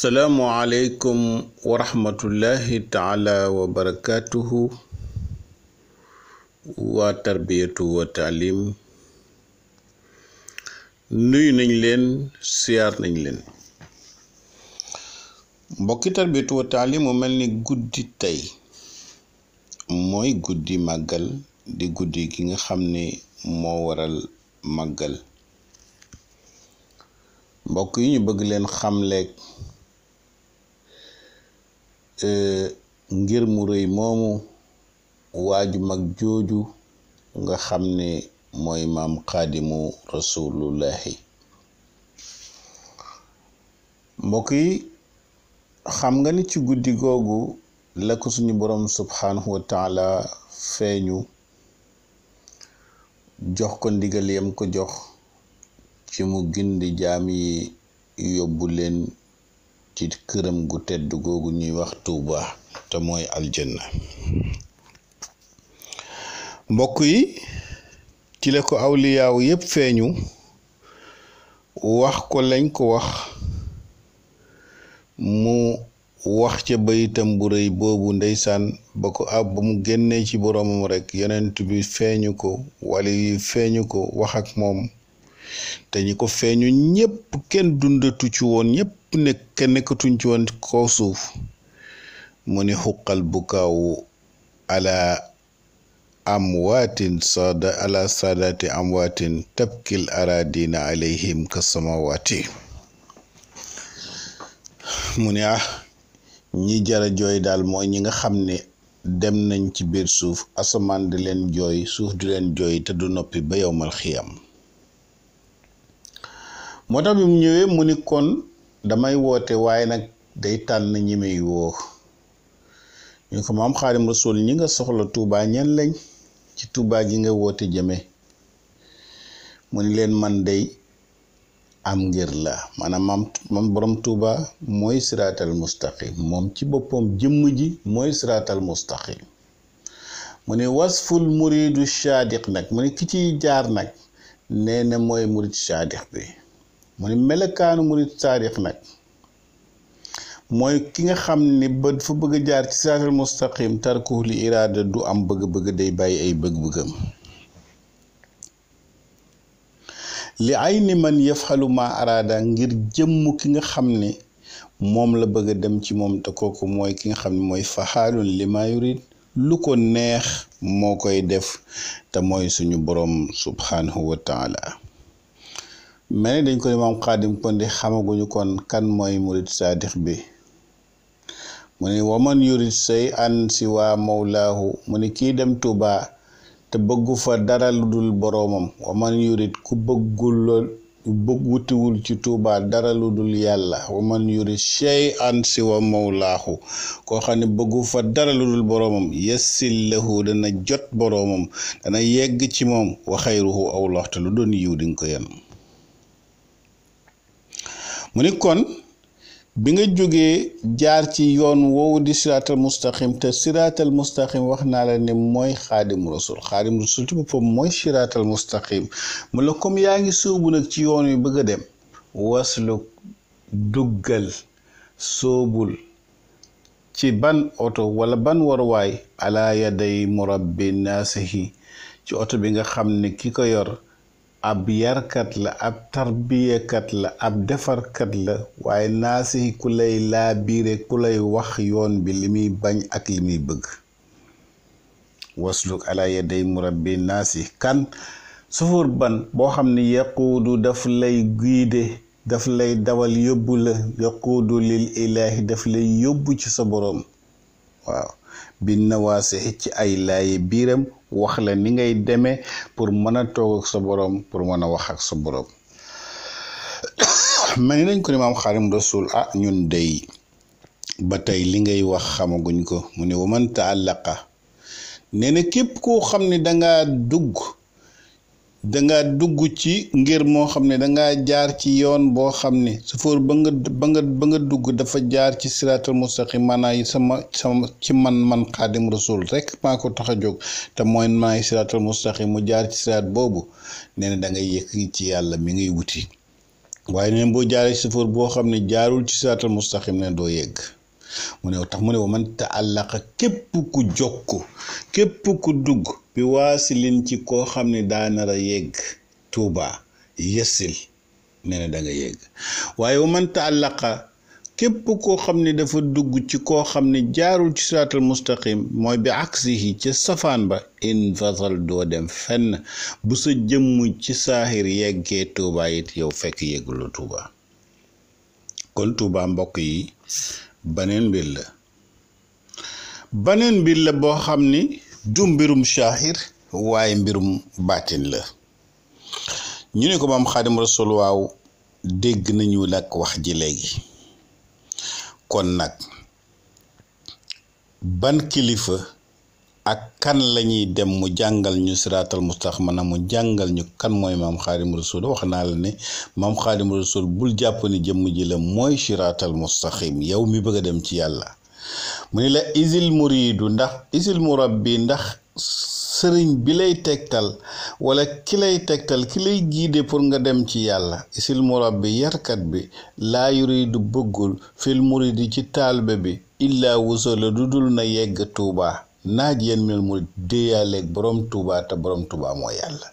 asalaamualeykum wa rahmatullahi taala wa barakatuhu waa tarbiyatu wa taalim nuyu nañ leen siyaar nañ leen mbokki tarbiyatu wa taalim mu mel ni guddi tey mooy guddi màggal di guddi gi nga xam ni moo waral màggal mbokk yi ñu bëgg leen xam xamleeg ngir mu rëy moomu waaju mag jooju nga xam ni mooy maam xaadimu rasulullahi mbokk yi xam nga ni ci guddi googu la suñu boroom subhaanahu wa feeñu jox ko ndigal yam ko jox ci mu gindi jaam yi yóbbu leen ci këram gu tedd googu ñuy wax Tuuba te mooy aljanna mbokk yi ci la ko liyaaw yépp feeñu wax ko lañ ko wax mu wax ca bayitam bu rëy boobu ndeysaan ba ko ab ba mu génnee ci boroomam rekk yonent bi feeñu ko wali yi feeñu ko wax ak moom te ñi ko feeñu ñépp kenn dundatu ci woon ñépp nekk nekkatuñ ci woon kaw suuf mu ni xuqal bukaawu ala amwaatin saada ala saadaati amwaatin tabkil aradina alayhim ka samawaati mu ne ah ñi jara jooy daal mooy ñi nga xam ne dem nañ ci biir suuf asamaan di leen jooy suuf di leen jooy te du noppi ba yowmal xiyam moo tax bi mu ñëwee mu ni kon damay woote waaye nag day tànn ñi muy woo ñu ko maam Xaadim Rasuul ñi nga soxla Touba ñan lañ ci Touba gi nga woote jëme mu ni leen man day am ngir la maanaam maam maam borom Touba mooy siraatal mustaqim moom ci boppam jëmm ji mooy siraatal mustaqim mu ni wasful muridu saadiq nag mu ni ki ciy jaar nag nee na mooy murid saadiq bi mu ne melokaanu murid saadix nag mooy ki nga xam ni ba fa bëgg jaar ci siraatal mustaqim tarkuhu li iraada du am bëgg-bëgg day bàyyi ay bëgg-bëggam li ay ni man yafxalu ma ngir jëmm ki nga xam ne moom la bëgg dem ci moom te kooku mooy ki nga xam ne mooy faxaalun li ma lu ko neex moo koy def te mooy suñu boroom subhanahu wa mel ni dañ ko imaam xaadim kon di xamaguñu kon kan mooy murid saadix bi mu ne waman yurid say an si ne kii dem tuubaa te bëggu fa dara boroomam waman yurid wutiwul ci tuubaa dara lu dul yàlla waman an si waa koo xam ne bëggu fa dara lu dul boroomam yasil lahu dana jot boroomam dana yegg ci moom wa xayruhu aw loxte lu doon yiw dinga ko yen mu ne kon bi nga jógee jaar ci yoon woowu di siraatal mustaqim te siraatal mustaqim wax naa la ne mooy xaadim rasul xaadim rasul ci boppam mooy siraatal mustaqim mu la comme yaa ngi sóobu nag ci yoon wi bëgg a dem waslu duggal sóobul ci ban oto wala ban waruwaay ala yaday murabbi naasihi ci oto bi nga xam ni ki ko yor ab yarkat la ab tarbiyakat la ab defarkat la waaye naasixi ku lay laa ku lay wax yoon bi li muy bañ ak li muy bëgg wasluk ala yaday murabbi naasix kan sufuur ban boo xam ne yaquudu daf lay guide daf lay dawal yóbbu la yaquudu lil ilaahi daf lay yóbbu ci sa boroom waaw bi nawaasixi ci ay laaye biiram wax la ni ngay demee pour mën a toog sa borom pour mën a wax ak sa borom mel ni nañ ko ni maam xaarim rasul ah ñun day ba tey li ngay wax xamaguñ ko mu ne waman taallaqa nee na képp koo xam ne danga dugg danga dugg ci ngir moo xam ne danga jaar ci yoon boo xam ne sëfoor ba nga ba nga dugg dafa jaar ci siraatal mustaqim maanaam sama sama ci man man xaadim rasul rek maa ko tax a jóg te mooy maay siraatal mustaqim mu jaar ci siraat boobu nee na dangay ci yàlla mi ngay wuti waaye neen boo jaaree ci boo xam ne jaarul ci siraatal mustaqim ne doo yegg mu ne tax mu ne wa man taallaqa képp ku ko képp ku dugg bi waasilin ci koo xam ne daanara yegg tuuba yëssil nee na da nga yegg waaye wa man taallaqa képp ko xam ni dafa dugg ci koo xam ni jaarul ci siraatal mustaqim mooy bi aksihi ca safaan ba in fasal doo dem fenn bu sa jëmm ci saaxir yeggee tuuba it yow fekk yeggulu tuuba kon tuuba mbokk yi baneen mbir la baneen mbir la boo xam ni du mbirum shahir waaye mbirum baatin la ñu ne ko maam xaadim rasul waaw dégg nañu nag wax ji léegi kon nag ban kilifa ak kan lañuy dem mu jàngal ñu siraatal mustax maanaam mu jàngal ñu kan mooy maam xaadim rasul wax naa la ne maam xaadim rasul bul jàpp jëmm ji la mooy siraatal mustaxim yow mi bëgg a dem ci yàlla mu ni la isil muriidu ndax isil bi ndax sëriñ bi lay tegtal wala ki lay tegtal ki lay giide pour nga dem ci yàlla isil bi yarkat bi laa yuriidu bëggul fil muriidi ci taalibe bi illaa wusala du dul na yegg tuubaa naaj yéen minal murid déeyaaleeg borom tuubaa te borom tuubaa moo yàlla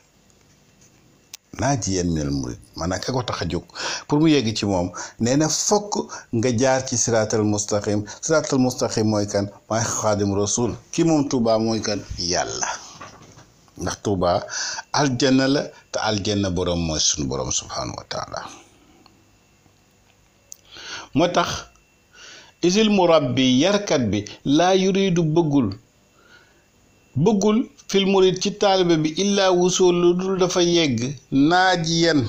najiyan minal murid maanaam ka ko tax a jóg pour mu yegg ci moom nee na fokk nga jaar ci siraatal mustaqim siraatal mustaqim mooy kan mooy xaadim rasul ki moom Touba mooy kan yàlla ndax Touba aljanna la te aljanna borom mooy sunu borom subhanahu wa moo tax isil murabbi yarkat bi laa yuridu bëggul bëggul. fil murid ci taalibe bi illaa wusool lu dul dafa yegg naaji yen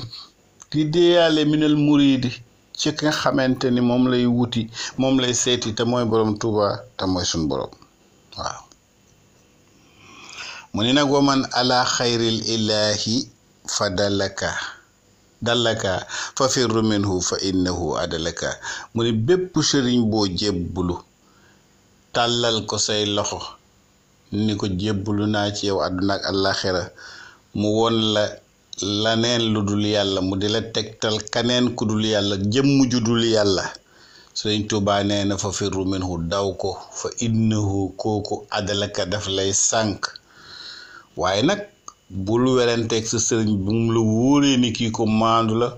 di deeyaale minal muridi ci ki xamante ni moom lay wuti moom lay seeti te mooy borom Tuuba te mooy suñ borom waaw mu ni nag waman ala xayril ilaahi fa dalaka dalaka fa firru minhu fa innahu adalaka mu ni bépp sëriñ boo jébbulu tàllal ko say loxo ni ko jébbalu naa ci yow àdduna ak àllaaxira mu woon la laneen lu dul yàlla mu di la tegtal kaneen ku dul yàlla jëmm ju dul yàlla Sëriñ Tuubaa nee na fa firru minhu daw ko fa innahu kooku adalaka daf lay sànk waaye nag bul werenteeg sa sëriñ bu mu la wóoree ni kii ku maandu la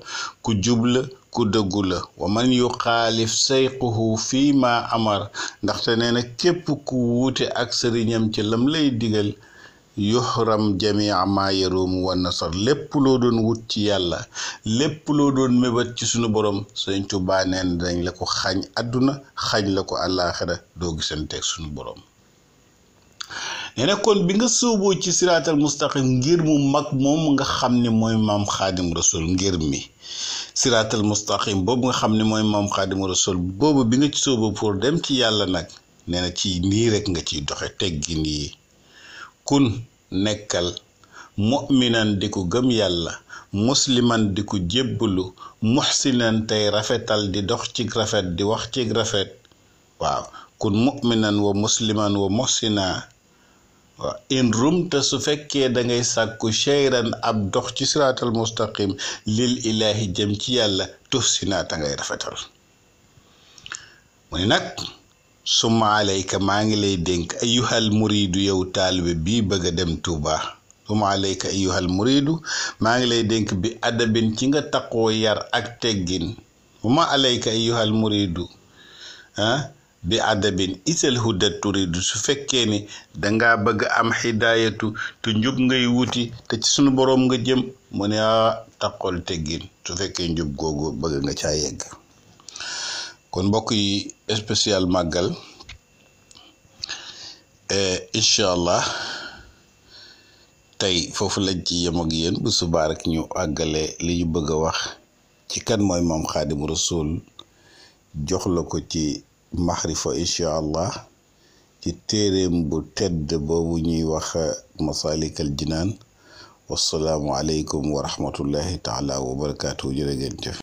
ku jub la ku dëggu la wa man yu xaalif sayquhu fii maa amar ndaxte nee na képp ku wuute ak sëriñam ci lam lay digal yuxram jamia maa yaruum wa nasar lépp loo doon wut ci yàlla lépp loo doon mébat ci sunu borom sëriñ Tuubaa nee na dañ la ko xañ àdduna xañ la ko àllaaxira doo gisanteeg sunu borom nee kon bi nga sóoboo ci siraatal mustaqim ngir mu mag moom nga xam ni mooy maam xaadim rasul ngir mi siraatal mustaqim boobu nga xam ne mooy maam xaadim rasul boobu bi nga ci sóobo pour dem ci yàlla nag nee ci nii rek nga ciy doxe teggin yi kun nekkal mu'minan di ko gëm yàlla musliman di ko lu muxsinan tey rafetal di dox ci rafet di wax ci rafet waaw kun mu'minan wa musliman wa muxsina in rumta su fekkee dangay sàkku cheyran ab dox ci siraatal mustaqim lil ilaahi jëm ci yàlla tuf si naata ngay rafetal mu ne nag summa alayka maa ngi lay dénk ayuhal muriidu yow taalibe bi bëgg a dem Tuuba summa alayka ayuhal muriidu maa ngi lay dénk bi adabin ci nga taqoo yar ak teggin bu ma alayka ayuhal muriidu ah bi adabin isal hudat turidu su fekkee ni danga bëgg am xidaayatu te njub ngay wuti te ci sunu boroom nga jëm mu ne ah, taqol teggin su fekkee njub googu bëgg nga caa yegg kon mbokk yi spécial màggal eh, incha allah tey foofu lañ ci yem ak yéen bu subaa rek ñu àggale li ñu bëgg a wax ci kan mooy moom xaadimu rasul jox la ko ci maxrifa incha allah ci téeréem bu tedd boobu ñuy wax masalikal jinaan wasalaamu aleykum wa rahmatullahi taala wa barakaatu jërë ngeen jëf